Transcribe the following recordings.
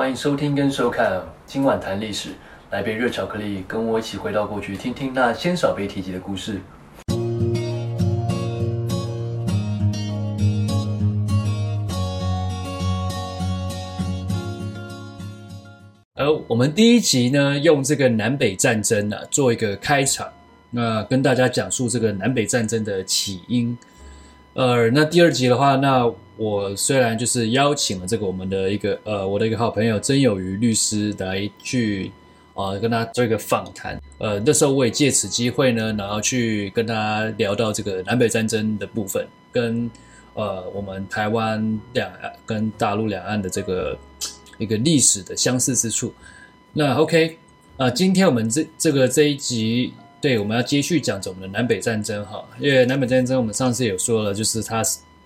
歡迎收聽跟收看今晚談歷史，來杯熱巧克力，跟我一起回到過去，聽聽那鮮少被提及的故事。而、嗯、我們第一集呢，用這個南北戰爭啊做一個開場，那跟大家講述這個南北戰爭的起因。呃，那第二集的話，那我雖然就是邀請了這個我們的一個呃，我的一個好朋友曾有瑜律師來去啊、呃，跟他做一個訪談。呃，那時候我也借此機會呢，然後去跟他聊到這個南北戰爭的部分，跟呃我們台灣兩岸跟大陸兩岸的這個一個歷史的相似之處。那 OK，啊、呃，今天我們這這個這一集。對，我們要接續講着我們的南北戰爭哈，因為南北戰爭我們上次也說了，就是它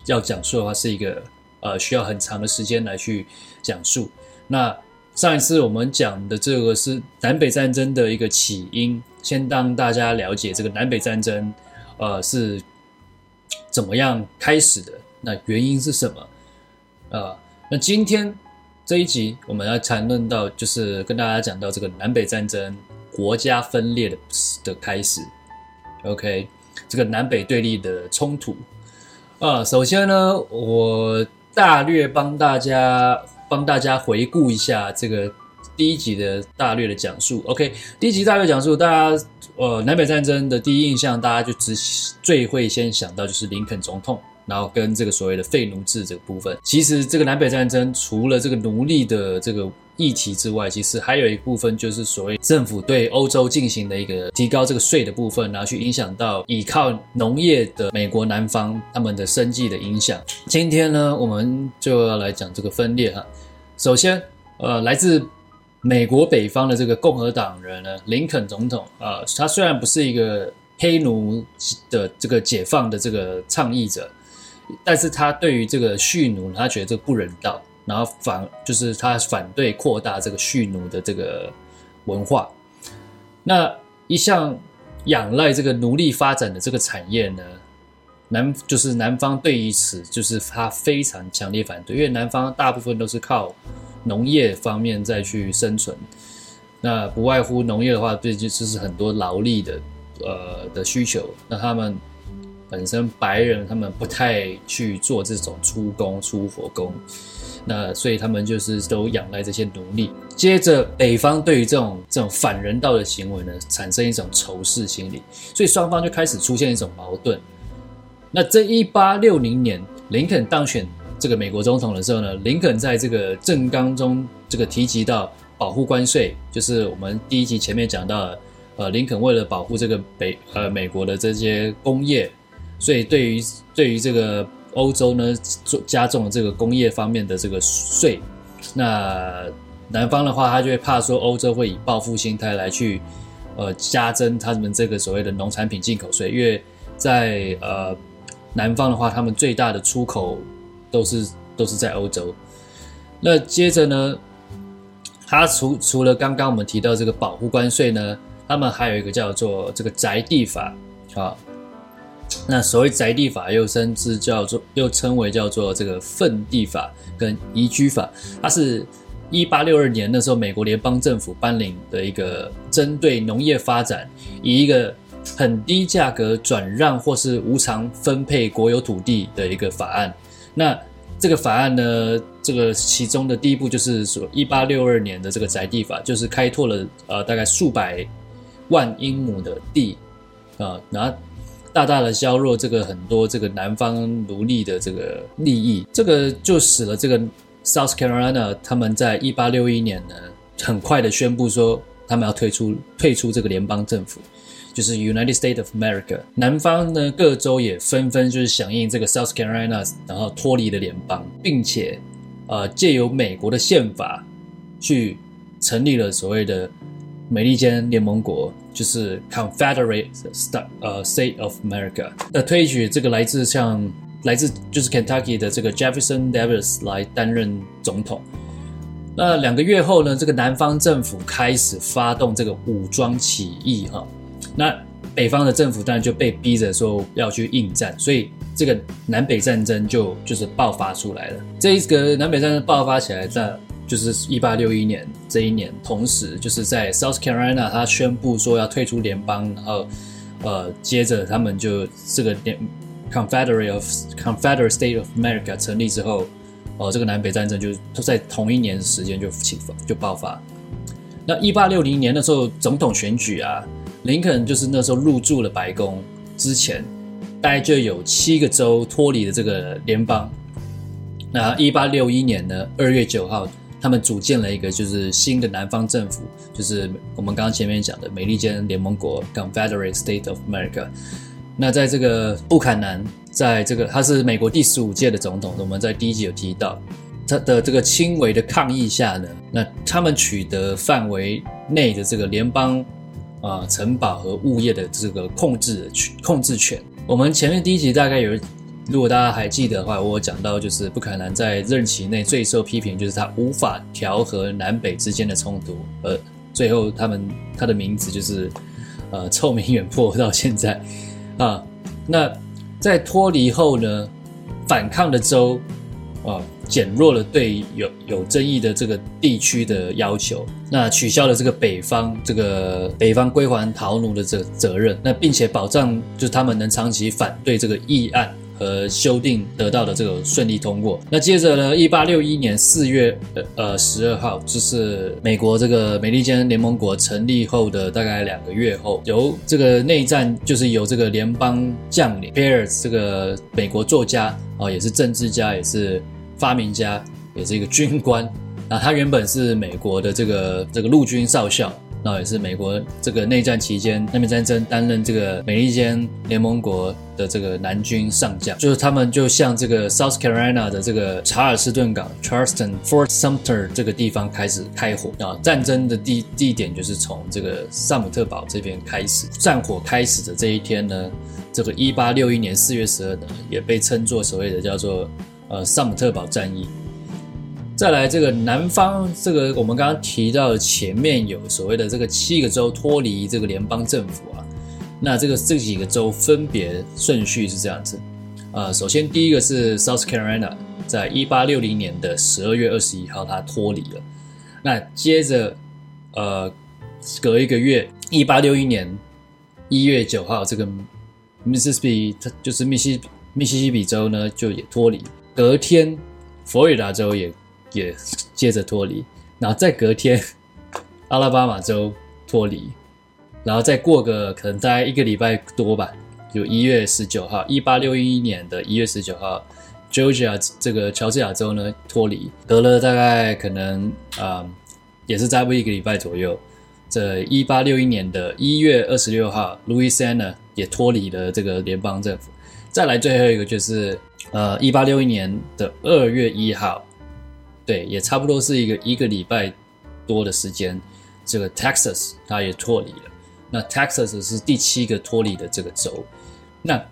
要講述的話是一個呃需要很長的時間來去講述。那上一次我們講的這個是南北戰爭的一個起因，先讓大家了解這個南北戰爭呃是怎麼樣開始的，那原因是什麼？呃，那今天這一集我們要談論到就是跟大家講到這個南北戰爭。國家分裂的的開始，OK，這個南北對立的衝突，呃、啊，首先呢，我大略幫大家幫大家回顧一下這個第一集的大略的講述，OK，第一集大略講述，大家呃，南北戰爭的第一印象，大家就只最會先想到就是林肯總統，然後跟這個所謂的廢奴制這個部分，其實這個南北戰爭除了這個奴隸的這個。議題之外，其實還有一部分就是所謂政府對歐洲進行的一個提高這個稅的部分，然後去影響到依靠農業的美國南方他們的生計的影響。今天呢，我們就要來講這個分裂哈。首先，呃，來自美國北方的這個共和黨人呢，林肯總統，呃，他雖然不是一個黑奴的這個解放的這個倡議者，但是他對於這個蓄奴，他覺得這個不人道。然後反就是他反對擴大這個蓄奴的這個文化，那一向仰賴這個奴隸發展的這個產業呢，南就是南方對於此就是他非常強烈反對，因為南方大部分都是靠農業方面再去生存，那不外乎農業的話，畢竟就是很多勞力的呃的需求，那他們本身白人他們不太去做這種出工出活工。那所以他們就是都仰賴這些奴隸。接着，北方對於這種這種反人道的行為呢，產生一種仇視心理，所以雙方就開始出現一種矛盾。那在一八六零年，林肯當選這個美國總統的時候呢，林肯在這個政綱中這個提及到保護關稅，就是我們第一集前面講到了，呃，林肯為了保護這個北呃美國的這些工業，所以對於對於這個。歐洲呢，做加重了這個工業方面的這個稅，那南方的話，他就會怕說歐洲會以報復心態來去，呃，加徵他們這個所謂的農產品進口稅，因為在呃南方的話，他們最大的出口都是都是在歐洲。那接着呢，他除除了剛剛我們提到這個保護關稅呢，他們還有一個叫做這個宅地法啊。那所謂宅地法，又甚至叫做又稱為叫做這個分地法跟移居法，它是一八六二年那時候美國聯邦政府頒領的一個針對農業發展，以一個很低價格轉讓或是無償分配國有土地的一個法案。那這個法案呢，這個其中的第一步就是說一八六二年的這個宅地法，就是開拓了呃大概數百萬英畝的地，啊，那。大大的削弱這個很多這個南方奴隸的這個利益，這個就使得這個 South Carolina 他們在一八六一年呢，很快的宣布說他們要退出退出這個聯邦政府，就是 United States of America。南方呢，各州也紛紛就是響應這個 South Carolina，然後脫離了聯邦，並且呃借由美國的憲法去成立了所謂的美利堅聯盟國。就是 Confederate State 呃 State of America 那推舉這個來自像來自就是 Kentucky 的這個 Jefferson Davis 來擔任總統。那兩個月後呢，這個南方政府開始發動這個武裝起義哈。那北方的政府當然就被逼着說要去應戰，所以這個南北戰爭就就是爆發出來了。這一個南北戰爭爆發起來那。就是一八六一年這一年，同時就是在 South Carolina，他宣布說要退出聯邦，然後呃，接着他們就這個 Confederate of Confederate State of America 成立之後，哦、呃，這個南北戰爭就就在同一年時間就起就爆發。那一八六零年的時候，總統選舉啊，林肯就是那時候入駐了白宮之前，大概就有七個州脫離了這個聯邦。那一八六一年的二月九號。他們組建了一個就是新的南方政府，就是我們剛剛前面講的美利堅聯盟國 （Confederate State of America）。那在這個布坎南，在這個他是美國第十五屆的總統，我們在第一集有提到，他的這個輕微的抗議下呢，那他們取得範圍內的這個聯邦啊、呃、城堡和物業的這個控制權，控制權。我們前面第一集大概有。如果大家還記得的話，我有講到就是布坎南在任期內最受批評，就是他無法調和南北之間的衝突，而最後他們他的名字就是呃臭名遠播到現在啊。那在脫離後呢，反抗的州啊減弱了對有有爭議的這個地區的要求，那取消了這個北方這個北方歸還逃奴的這個責任，那並且保障就是他們能長期反對這個議案。呃，修訂得到的這個順利通過。那接着呢，一八六一年四月呃呃十二號，就是美國這個美利堅聯盟國成立後的大概兩個月後，由這個內戰就是由這個聯邦將領貝爾斯這個美國作家啊，也是政治家，也是發明家，也是一個軍官。那他原本是美國的這個這個陸軍少校。那也是美國這個內戰期間南北戰爭擔任這個美利堅聯盟國的這個南軍上將，就是他們就向這個 South Carolina 的這個查爾斯頓港 （Charleston Fort Sumter） 這個地方開始開火啊！然後戰爭的地地點就是從這個薩姆特堡這邊開始。戰火開始的這一天呢，這個一八六一年四月十二呢，也被稱作所謂的叫做呃薩姆特堡戰役。再來這個南方，這個我們剛剛提到的前面有所謂的這個七個州脫離這個聯邦政府啊，那這個這幾個州分別順序是這樣子，呃，首先第一個是 South Carolina，在一八六零年的十二月二十一號它脫離了，那接着，呃，隔一個月，一八六一年一月九號，這個密西西比它就是密西密西西比州呢就也脫離，隔天佛羅里達州也。也接着脫離，然後再隔天，阿拉巴馬州脫離，然後再過個可能大概一個禮拜多吧，就一月十九號，一八六一年的一月十九號，Georgia 這個喬治亞州呢脫離，隔了大概可能啊、呃、也是再不一個禮拜左右，這一八六一年的一月二十六號，路易斯安那也脫離了這個聯邦政府，再來最後一個就是呃一八六一年的二月一號。對，也差不多是一個一個禮拜多的時間，這個 Texas 它也脫離了。那 Texas 是第七個脫離的這個州。那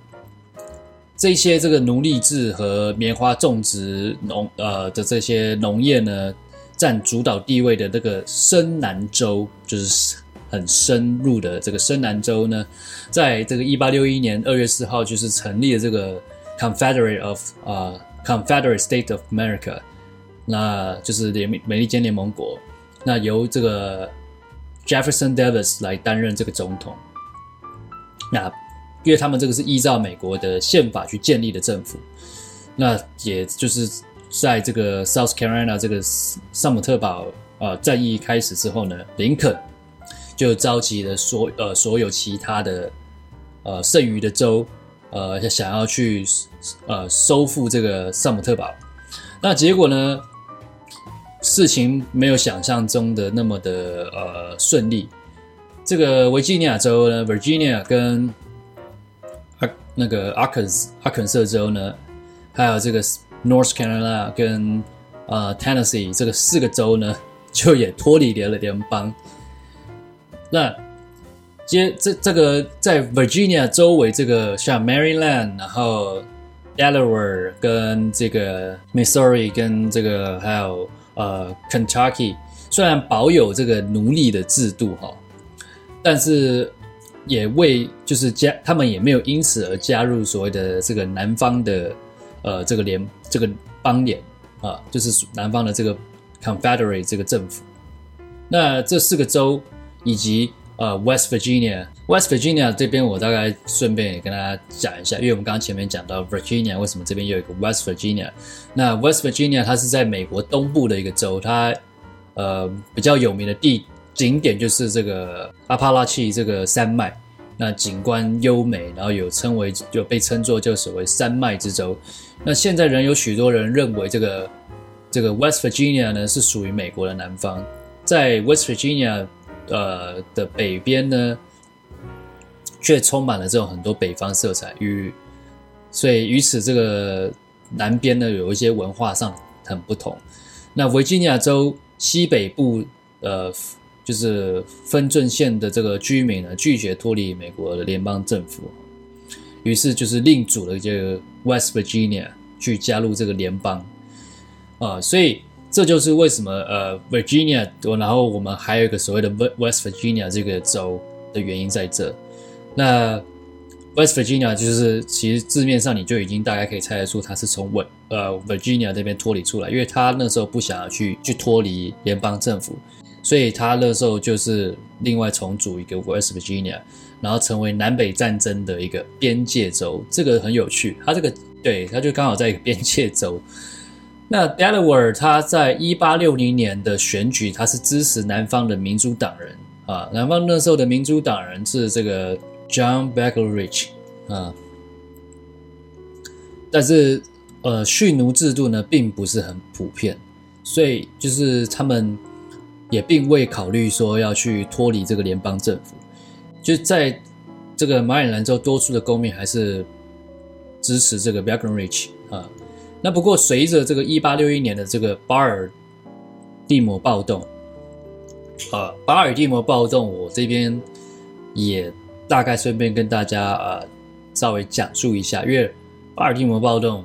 這些這個奴隸制和棉花種植農呃的這些農業呢，佔主導地位的這個深南州，就是很深入的這個深南州呢，在這個一八六一年二月四號，就是成立了這個 Confederate of 呃、uh, Confederate State of America。那就是美美利堅聯盟國，那由這個 Jefferson Davis 來擔任這個總統。那因為他們這個是依照美國的憲法去建立的政府，那也就是在這個 South Carolina 這個薩姆特堡呃戰役開始之後呢，林肯就召集了所呃所有其他的呃剩餘的州呃想要去呃收復這個薩姆特堡，那結果呢？事情沒有想象中的那麼的呃順利。這個維吉尼亞州呢，Virginia 跟阿那個阿肯阿肯色州呢，還有這個 North Carolina 跟呃 Tennessee 這個四個州呢，就也脫離聯了聯邦。那接這這個在 Virginia 周圍這個像 Maryland，然後 Delaware 跟這個 Missouri 跟這個還有。呃，uh，Kentucky 雖然保有這個奴隸的制度哈，但是也為就是加他們也沒有因此而加入所謂的這個南方的呃這個聯這個邦聯啊，就是南方的這個 Confederate 這個政府。那這四個州以及。呃、uh，West Virginia，West Virginia 這邊我大概順便也跟大家講一下，因為我們剛剛前面講到 Virginia，為什麼這邊有一個 West Virginia？那 West Virginia 它是在美國東部的一個州，它呃比較有名的地景點就是這個阿帕拉契這個山脈，那景觀優美，然後有稱為就被稱作就所謂山脈之州。那現在仍有許多人認為這個這個 West Virginia 呢是屬於美國的南方，在 West Virginia。呃的北邊呢，卻充滿了這種很多北方色彩，與所以與此這個南邊呢有一些文化上很不同。那維吉尼亞州西北部，呃，就是分鎮縣的這個居民呢，拒絕脫離美國的聯邦政府，於是就是另組了這個 West Virginia 去加入這個聯邦，啊、呃，所以。這就是為什麼呃，Virginia，然後我們還有一個所謂的 West Virginia 這個州的原因在這。那 West Virginia 就是其實字面上你就已經大概可以猜得出它是從威呃 Virginia 這邊脫離出來，因為它那時候不想要去去脫離聯邦政府，所以它那時候就是另外重組一個 West Virginia，然後成為南北戰爭的一個邊界州。這個很有趣，它這個對，它就剛好在一個邊界州。那 Delaware 他在一八六零年的選舉，他是支持南方的民主黨人啊。南方那時候的民主黨人是這個 John Breckinridge 啊。但是呃，蓄奴制度呢並不是很普遍，所以就是他們也並未考慮說要去脫離這個聯邦政府。就在這個馬里蘭州多數的公民還是支持這個 Breckinridge。那不過，隨着這個一八六一年的這個巴爾的摩暴動，啊，巴爾的摩暴動，我這邊也大概順便跟大家啊稍微講述一下，因為巴爾的摩暴動，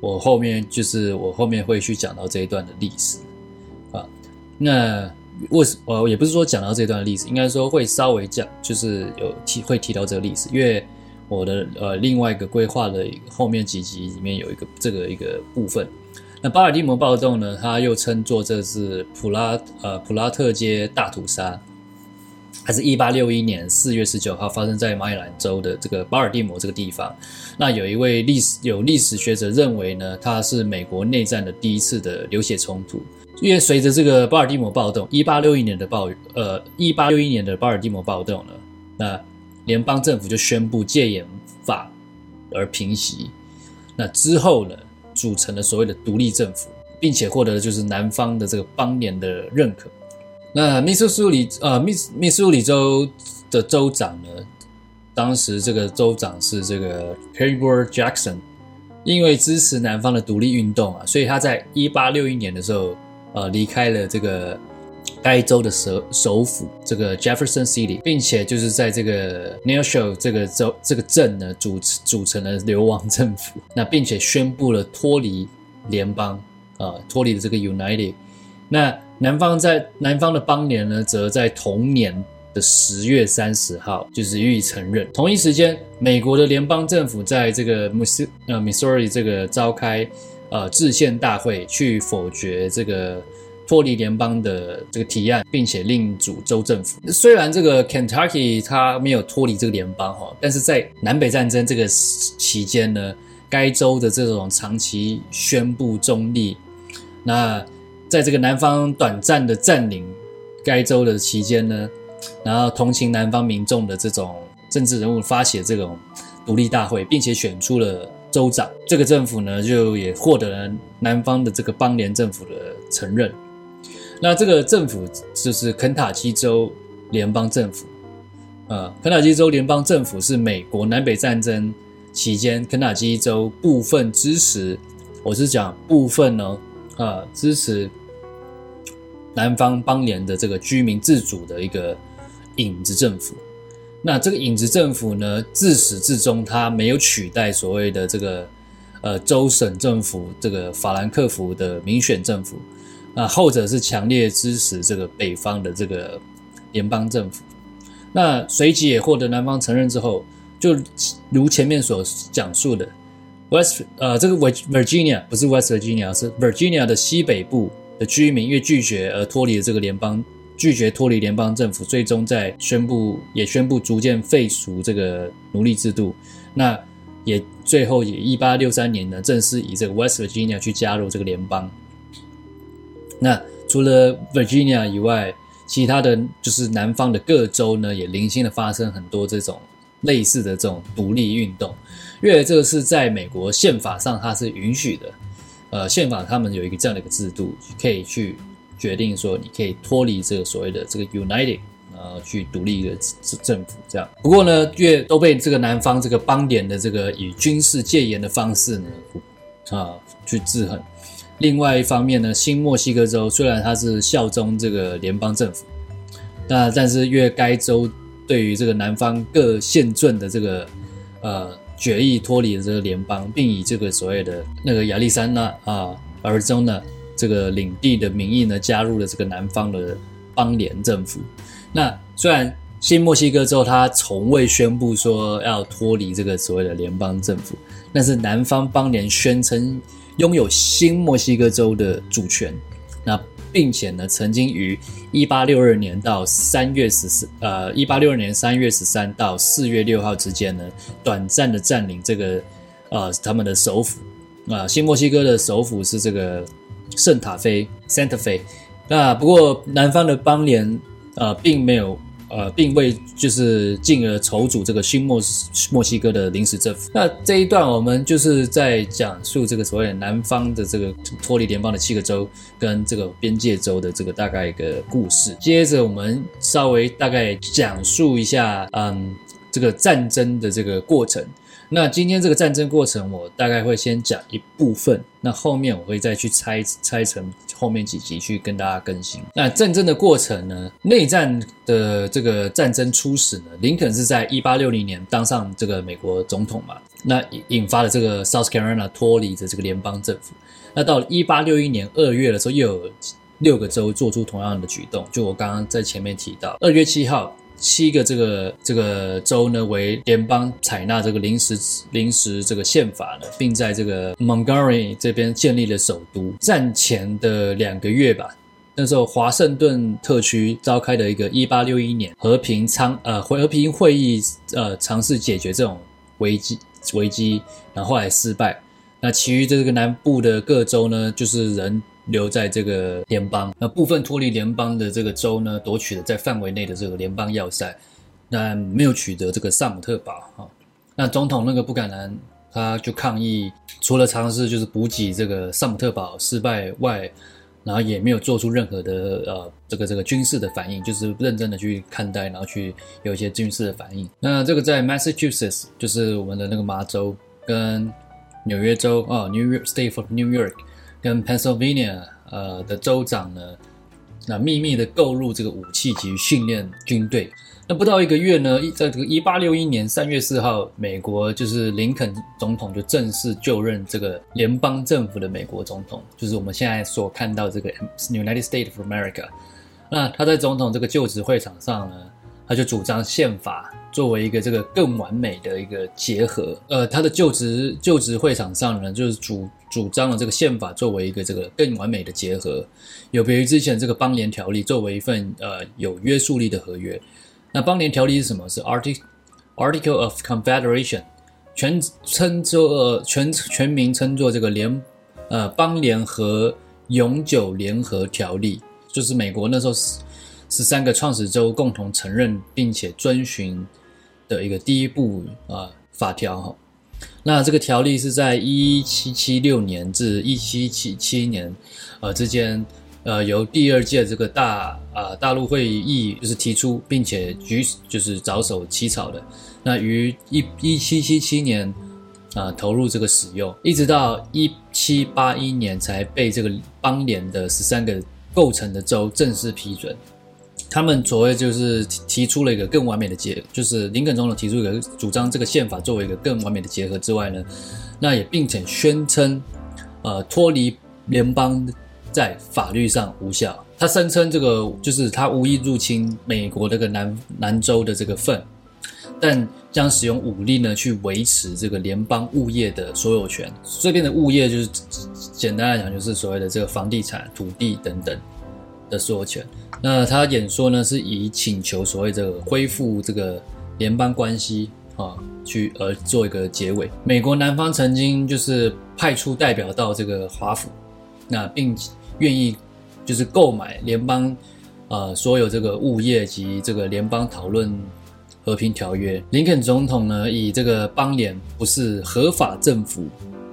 我後面就是我後面會去講到這一段的歷史啊。那為什，呃，也不是說講到這段歷史，應該說會稍微講，就是有提會提到這個歷史，因為。我的呃，另外一個規劃的後面幾集裡面有一個這個一個部分。那巴爾的摩暴動呢，它又稱作這是普拉呃普拉特街大屠殺，還是一八六一年四月十九號發生在馬里蘭州的這個巴爾的摩這個地方。那有一位歷史有歷史學者認為呢，它是美國內戰的第一次的流血衝突。因為隨着這個巴爾的摩暴動，一八六一年的暴呃一八六一年的巴爾的摩暴動呢，那。聯邦政府就宣布戒嚴法，而平息。那之後呢，組成了所謂的獨立政府，並且獲得的就是南方的這個邦聯的認可。那密蘇里，呃密密蘇里州的州長呢，當時這個州長是這個 Claiborne Jackson，因為支持南方的獨立運動啊，所以他在一八六一年的時候，呃，離開了這個。該州的首首府這個 Jefferson City，並且就是在這個 Neosho 這個州這個鎮呢組組成了流亡政府，那並且宣布了脫離聯邦啊、呃，脫離了這個 United。那南方在南方的邦聯呢，則在同年的十月三十號就是予以承認。同一時間，美國的聯邦政府在這個 Missouri、、呃、Missouri 這個召開呃制憲大會，去否決這個。脫離聯邦的這個提案，並且另組州政府。雖然這個 Kentucky 它沒有脫離這個聯邦哈，但是在南北戰爭這個期間呢，該州的這種長期宣布中立。那在這個南方短暫的佔領該州的期間呢，然後同情南方民眾的這種政治人物發起這種獨立大會，並且選出了州長。這個政府呢，就也獲得了南方的這個邦聯政府的承認。那這個政府就是肯塔基州聯邦政府，呃，肯塔基州聯邦政府是美國南北戰爭期間肯塔基州部分支持，我是講部分呢，呃，支持南方邦聯的這個居民自主的一個影子政府。那這個影子政府呢，自始至終它沒有取代所謂的這個呃州省政府，這個法蘭克福的民選政府。啊，後者是強烈支持這個北方的這個聯邦政府，那隨即也獲得南方承認之後，就如前面所講述的，West 呃這個 Virginia 不是 West Virginia 是 Virginia 的西北部的居民，因為拒絕而脫離了這個聯邦，拒絕脫離聯邦政府，最終在宣布也宣布逐漸廢除這個奴隸制度，那也最後也一八六三年呢，正式以這個 West Virginia 去加入這個聯邦。那除了 Virginia 以外，其他的就是南方的各州呢，也零星的發生很多這種類似的這種獨立運動，因為這個是在美國憲法上它是允許的，呃，憲法他們有一個這樣的一個制度，可以去決定說你可以脫離這個所謂的這個 United，呃，去獨立一個政政府這樣。不過呢，因為都被這個南方這個邦聯的這個以軍事戒嚴的方式呢，啊，去制衡。另外一方面呢，新墨西哥州雖然它是效忠這個聯邦政府，那但是因為該州對於這個南方各縣鎮的這個呃決議脫離的這個聯邦，並以這個所謂的那個亞利桑那啊而中的這個領地的名義呢，加入了這個南方的邦聯政府。那雖然新墨西哥州它從未宣布說要脫離這個所謂的聯邦政府，但是南方邦聯宣稱，擁有新墨西哥州的主權，那並且呢，曾經於一八六二年到三月十四，呃，一八六二年三月十三到四月六號之間呢，短暫的占領這個，呃，他們的首府，啊、呃，新墨西哥的首府是這個聖塔菲 （Santa Fe）。那不過南方的邦聯，呃，並沒有。呃，並未就是進而籌組這個新墨墨西哥的臨時政府。那這一段我們就是在講述這個所謂的南方的這個脫離聯邦的七個州跟這個邊界州的這個大概一個故事。接着我們稍微大概講述一下，嗯，這個戰爭的這個過程。那今天這個戰爭過程，我大概會先講一部分，那後面我會再去拆拆成後面幾集去跟大家更新。那戰爭的過程呢，內戰的這個戰爭初始呢，林肯是在一八六零年當上這個美國總統嘛，那引發了這個 South Carolina 脫離的這個聯邦政府。那到了一八六一年二月的時候，又有六個州做出同樣的舉動，就我剛剛在前面提到，二月七號。七個這個這個州呢，為聯邦採納這個臨時臨時這個憲法呢，並在這個 Montgomery 這邊建立了首都。戰前的兩個月吧，那時候華盛頓特區召開的一個1861年和平倉，呃，和平會議，呃，嘗試解決這種危機危機，然後後來失敗。那其餘這個南部的各州呢，就是人。留在這個聯邦，那部分脫離聯邦的這個州呢，奪取了在範圍內的這個聯邦要塞，但沒有取得這個薩姆特堡。那總統那個布坎南，他就抗議，除了嘗試就是補給這個薩姆特堡失敗外，然後也沒有做出任何的呃這個這個軍事的反應，就是認真的去看待，然後去有一些軍事的反應。那這個在 Massachusetts 就是我們的那個麻州跟紐約州啊，哦，New York State of New York。跟 Pennsylvania、so、呃的州長呢，那秘密的購入這個武器及訓練軍隊。那不到一個月呢，一在這個一八六一年三月四號，美國就是林肯總統就正式就任這個聯邦政府的美國總統，就是我們現在所看到這個 United States of America。那他在總統這個就職會場上呢。他就主張憲法作為一個這個更完美的一個結合，呃，他的就職就職會場上呢，就是主主張了這個憲法作為一個這個更完美的結合，有別於之前這個邦聯條例作為一份呃有約束力的合約。那邦聯條例是什麼？是 Article Article of Confederation，全稱作、呃、全全名稱作這個聯呃邦聯和永久聯合條例，就是美國那時候是，十三個創始州共同承認並且遵循的一個第一部啊法條哈，那這個條例是在一七七六年至一七七七年呃之間呃由第二屆這個大啊、呃、大陸會議就是提出並且舉就是着手起草的，那於一一七七七年啊、呃、投入這個使用，一直到一七八一年才被這個邦聯的十三個構成的州正式批准。他們所謂就是提出了一個更完美的結合，就是林肯總統提出一個主張，這個憲法作為一個更完美的結合之外呢，那也並且宣稱，呃，脫離聯邦在法律上無效。他聲稱這個就是他無意入侵美國這個南南州的這個份，但將使用武力呢去維持這個聯邦物業的所有權。這邊的物業就是簡單來講就是所謂的這個房地產、土地等等。的所權，那他演說呢是以請求所謂這個恢復這個聯邦關係啊，去而做一個結尾。美國南方曾經就是派出代表到這個華府，那並願意就是購買聯邦啊、呃、所有這個物業及這個聯邦討論和平條約。林肯總統呢以這個邦聯不是合法政府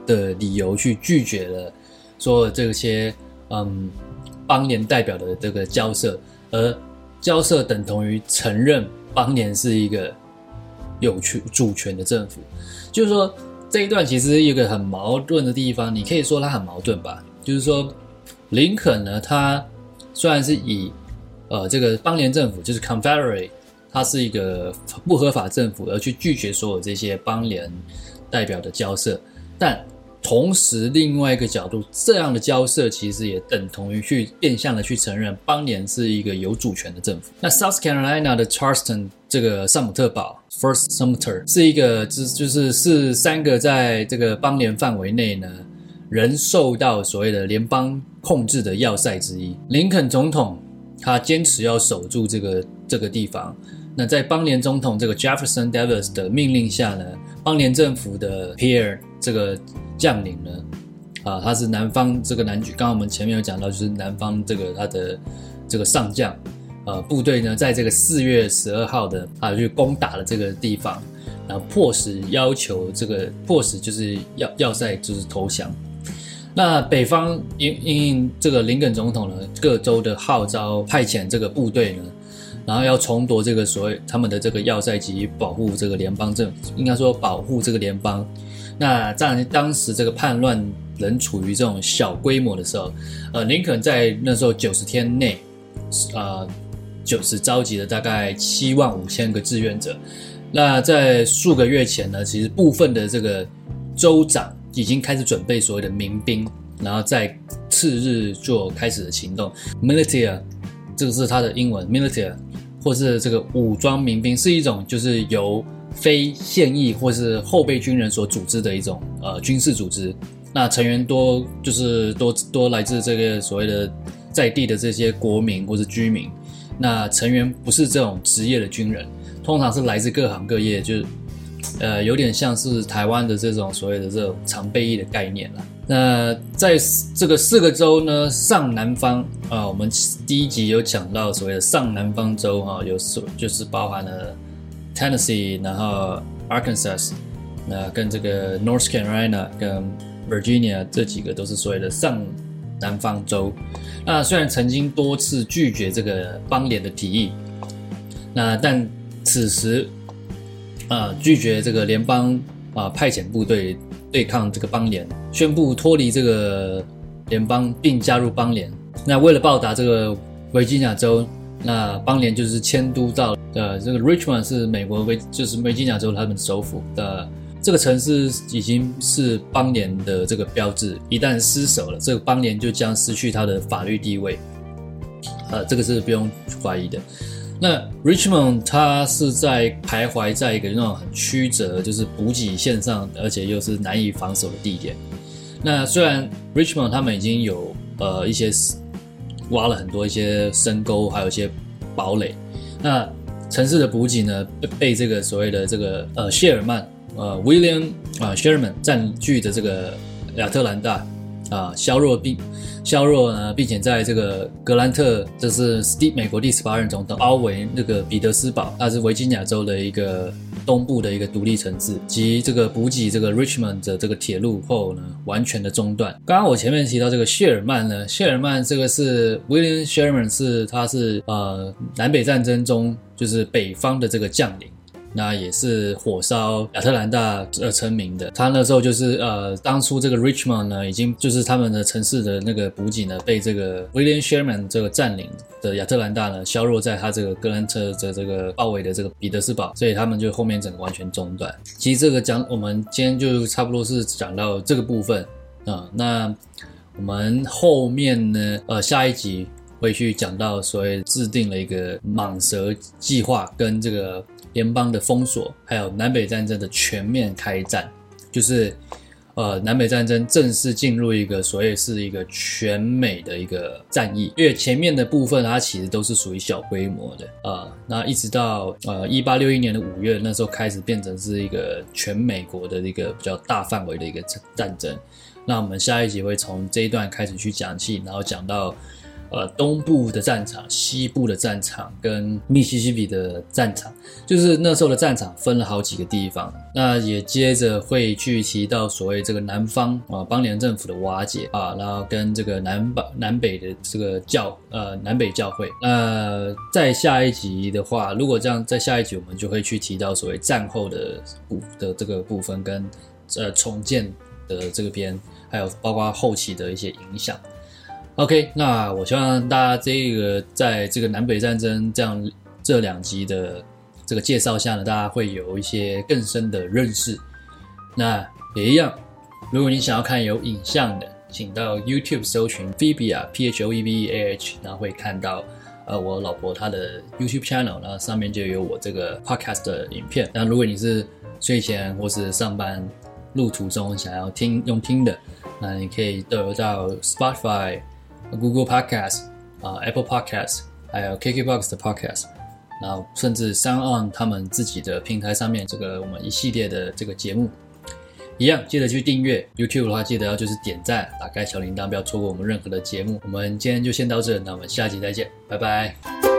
的理由去拒絕了說這些嗯。邦聯代表的這個交涉，而交涉等同於承認邦聯是一個有權主權的政府。就是說，這一段其實是一個很矛盾的地方，你可以說它很矛盾吧。就是說，林肯呢，他雖然是以呃這個邦聯政府，就是 Confederate，它是一個不合法政府，而去拒絕所有這些邦聯代表的交涉，但。同時，另外一個角度，這樣的交涉其實也等同於去變相的去承認邦聯是一個有主權的政府。那 South Carolina 的 Charleston 這個薩姆特堡 First Sumter 是一個，就是、就是、是三個在這個邦聯範圍內呢，仍受到所謂的聯邦控制的要塞之一。林肯總統他堅持要守住這個這個地方。那在邦聯總統這個 Jefferson Davis 的命令下呢，邦聯政府的 Pierre 這個將領呢，啊，他是南方這個南軍，剛剛我們前面有講到，就是南方這個他的這個上將，呃、啊，部隊呢，在這個四月十二號的啊，就攻打了這個地方，然後迫使要求這個迫使就是要要塞就是投降。那北方因因這個林肯總統呢，各州的號召派遣這個部隊呢，然後要重奪這個所謂他們的這個要塞及保護這個聯邦政府，應該說保護這個聯邦。那在當時這個叛亂仍處於這種小規模的時候，呃，林肯在那時候九十天內，呃，就是召集了大概七萬五千個志願者。那在數個月前呢，其實部分的這個州長已經開始準備所謂的民兵，然後在次日就開始了行動。Militia，這個是他的英文。Militia 或是這個武裝民兵是一種，就是由非現役或是後備軍人所組織的一種呃軍事組織。那成員多就是多多來自這個所謂的在地的這些國民或是居民。那成員不是這種職業的軍人，通常是來自各行各業，就是呃有點像是台灣的這種所謂的這種常備役的概念啦。那在這個四個州呢，上南方啊，我們第一集有講到所謂的上南方州啊，有所就是包含了 Tennessee、然後 Arkansas、那、啊，跟這個 North Carolina、跟 Virginia 這幾個都是所謂的上南方州。那雖然曾經多次拒絕這個邦聯的提議，那但此時啊拒絕這個聯邦啊派遣部隊，對抗這個邦聯，宣布脫離這個聯邦並加入邦聯。那為了報答這個維吉尼亞州，那邦聯就是遷都到的、呃、這個 Richmond 是美國維就是維吉尼亞州他們首府的、呃、這個城市，已經是邦聯的這個標誌。一旦失守了，這個邦聯就將失去它的法律地位。呃，這個是不用懷疑的。那 Richmond 他是在徘徊在一個那種很曲折，就是補給線上，而且又是難以防守的地點。那雖然 Richmond 他們已經有呃一些挖了很多一些深溝，還有一些堡壘。那城市的補給呢被這個所謂的這個呃謝爾曼呃 William 啊 Sherman 佔據的這個亞特蘭大啊削弱並。呃肖若削弱呢，並且在這個格蘭特，這、就是 Steve 美國第十八任總統。奧維那個彼得斯堡，他是維吉尼亞州的一個東部的一個獨立城市及這個補給這個 Richmond 的這個鐵路後呢，完全的中斷。剛剛我前面提到這個謝爾曼呢，謝爾曼這個是 William Sherman，是他是呃南北戰爭中就是北方的這個將領。那也是火燒亞特蘭大而成名的，他那時候就是呃當初這個 Richmond 呢，已經就是他們的城市的那個補給呢被這個 William Sherman 這個佔領的亞特蘭大呢削弱，在他這個格蘭特的這個包圍的這個彼得斯堡，所以他們就後面整個完全中斷。其實這個講，我們今天就差不多是講到這個部分啊、呃，那我們後面呢呃下一集會去講到所謂制定了一個蟒蛇計劃跟這個。聯邦的封鎖，還有南北戰爭的全面開戰，就是，呃，南北戰爭正式進入一個所謂是一個全美的一個戰役，因為前面的部分它其實都是屬於小規模的，呃，那一直到呃一八六一年的五月，那時候開始變成是一個全美國的一個比較大範圍的一個戰爭，那我們下一集會從這一段開始去講起，然後講到。呃，東部的戰場、西部的戰場跟密西西比的戰場，就是那時候的戰場分了好幾個地方。那也接着會去提到所謂這個南方啊、呃、邦聯政府的瓦解啊，然後跟這個南北南北的這個教呃南北教會。那、呃、在下一集的話，如果這樣，在下一集我們就會去提到所謂戰後的的這個部分跟呃重建的這個邊，還有包括後期的一些影響。OK，那我希望大家這個在這個南北戰爭這樣這兩集的這個介紹下呢，大家會有一些更深的認識。那也一樣，如果你想要看有影像的，請到 YouTube 搜尋 Phobia P H O E V A H，然後會看到呃我老婆她的 YouTube channel，然後上面就有我這個 podcast 的影片。那如果你是睡前或是上班路途中想要聽用聽的，那你可以都有到，到 Spotify。Google Podcast 啊，Apple Podcast，還有 KKBOX 的 Podcast，然後甚至 SoundOn 他們自己的平台上面，這個我們一系列的這個節目，一樣記得去訂閱。YouTube 的話，記得要就是點讚，打開小鈴鐺，不要錯過我們任何的節目。我們今天就先到這，那我們下期再見，拜拜。